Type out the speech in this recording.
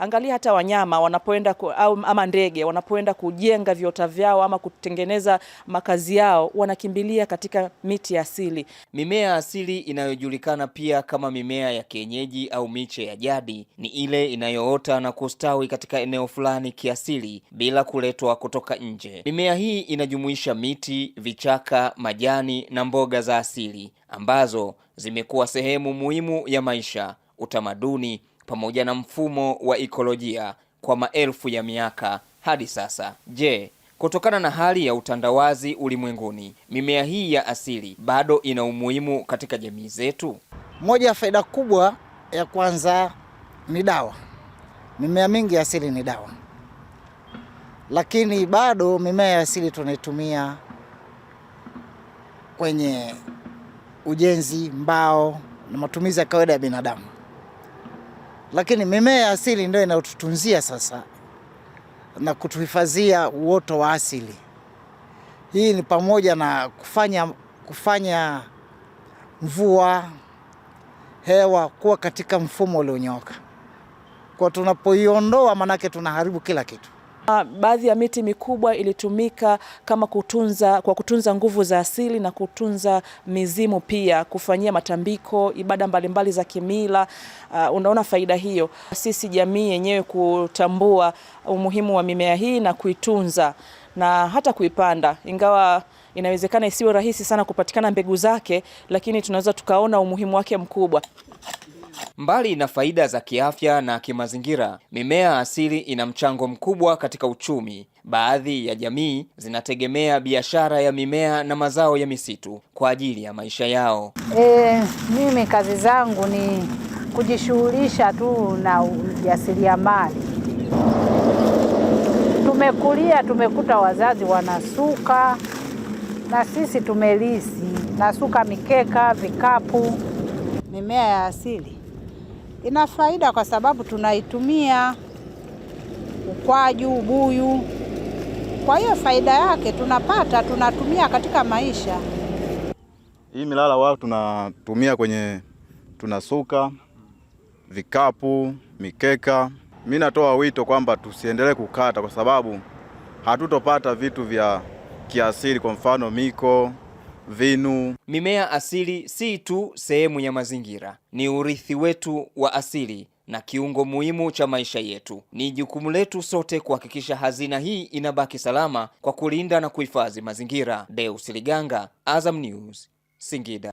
Angalia hata wanyama wanapoenda ku, au, ama ndege wanapoenda kujenga viota vyao ama kutengeneza makazi yao wanakimbilia katika miti ya asili. Mimea asili inayojulikana pia kama mimea ya kienyeji au miche ya jadi ni ile inayoota na kustawi katika eneo fulani kiasili bila kuletwa kutoka nje. Mimea hii inajumuisha miti, vichaka, majani na mboga za asili ambazo zimekuwa sehemu muhimu ya maisha, utamaduni pamoja na mfumo wa ikolojia kwa maelfu ya miaka hadi sasa. Je, kutokana na hali ya utandawazi ulimwenguni, mimea hii ya asili bado ina umuhimu katika jamii zetu? Moja ya faida kubwa ya kwanza ni dawa. Mimea mingi ya asili ni dawa, lakini bado mimea ya asili tunaitumia kwenye ujenzi, mbao na matumizi ya kawaida ya binadamu lakini mimea ya asili ndio inayotutunzia sasa na kutuhifadhia uoto wa asili. Hii ni pamoja na kufanya, kufanya mvua, hewa kuwa katika mfumo ulionyooka. Kwa tunapoiondoa, maanake tunaharibu kila kitu. Ah, baadhi ya miti mikubwa ilitumika kama kutunza, kwa kutunza nguvu za asili na kutunza mizimu pia kufanyia matambiko, ibada mbalimbali za kimila. Uh, unaona faida hiyo, sisi jamii yenyewe kutambua umuhimu wa mimea hii na kuitunza na hata kuipanda, ingawa inawezekana isiwe rahisi sana kupatikana mbegu zake, lakini tunaweza tukaona umuhimu wake mkubwa. Mbali na faida za kiafya na kimazingira, mimea asili ina mchango mkubwa katika uchumi. Baadhi ya jamii zinategemea biashara ya mimea na mazao ya misitu kwa ajili ya maisha yao. E, mimi kazi zangu ni kujishughulisha tu na ujasiriamali. Tumekulia, tumekuta wazazi wanasuka na sisi tumelisi, nasuka mikeka, vikapu. Mimea ya asili ina faida kwa sababu tunaitumia ukwaju, ubuyu. Kwa hiyo faida yake tunapata, tunatumia katika maisha. Hii milala wao tunatumia kwenye, tunasuka vikapu, mikeka. mi natoa wito kwamba tusiendelee kukata, kwa sababu hatutopata vitu vya kiasili, kwa mfano miko vinu. Mimea asili si tu sehemu ya mazingira, ni urithi wetu wa asili na kiungo muhimu cha maisha yetu. Ni jukumu letu sote kuhakikisha hazina hii inabaki salama kwa kulinda na kuhifadhi mazingira. Deus Liganga, Azam News, Singida.